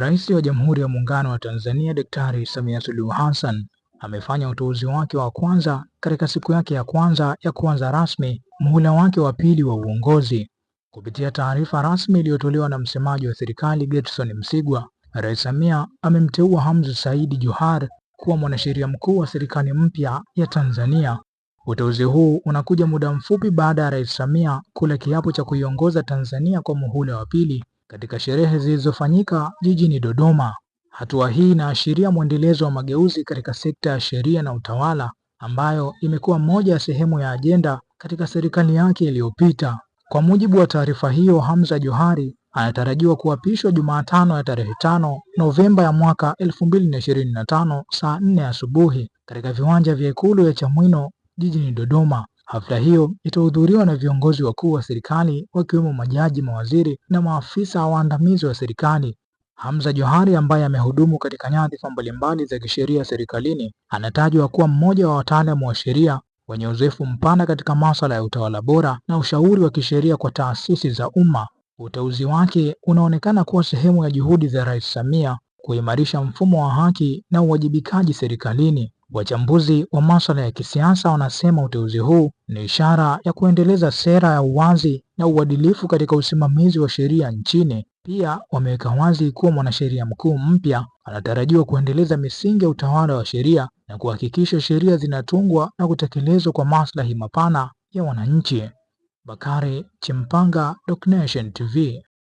Rais wa Jamhuri ya Muungano wa Tanzania Daktari Samia Suluhu Hassan amefanya uteuzi wake wa kwanza katika siku yake ya kwanza ya kuanza rasmi muhula wake wa pili wa uongozi. Kupitia taarifa rasmi iliyotolewa na msemaji wa serikali Gerson Msigwa, Rais Samia amemteua Hamza Saidi Johar kuwa mwanasheria mkuu wa serikali mpya ya Tanzania. Uteuzi huu unakuja muda mfupi baada ya Rais Samia kula kiapo cha kuiongoza Tanzania kwa muhula wa pili katika sherehe zilizofanyika jijini Dodoma. Hatua hii inaashiria mwendelezo wa mageuzi katika sekta ya sheria na utawala ambayo imekuwa moja ya sehemu ya ajenda katika serikali yake iliyopita. Kwa mujibu wa taarifa hiyo, Hamza Johari anatarajiwa kuapishwa Jumatano ya tarehe tano Novemba ya mwaka 2025 saa 4 asubuhi katika viwanja vya Ikulu ya Chamwino jijini Dodoma. Hafla hiyo itahudhuriwa na viongozi wakuu wa serikali wakiwemo majaji, mawaziri na maafisa waandamizi wa serikali. Hamza Johari ambaye amehudumu katika nyadhifa mbalimbali za kisheria serikalini anatajwa kuwa mmoja wa wataalamu wa sheria wenye uzoefu mpana katika masuala ya utawala bora na ushauri wa kisheria kwa taasisi za umma. Uteuzi wake unaonekana kuwa sehemu ya juhudi za Rais Samia kuimarisha mfumo wa haki na uwajibikaji serikalini. Wachambuzi wa masuala ya kisiasa wanasema uteuzi huu ni ishara ya kuendeleza sera ya uwazi na uadilifu katika usimamizi wa sheria nchini. Pia wameweka wazi kuwa mwanasheria mkuu mpya anatarajiwa kuendeleza misingi ya utawala wa sheria na kuhakikisha sheria zinatungwa na kutekelezwa kwa maslahi mapana ya wananchi. Bakari Chimpanga, DocNation TV.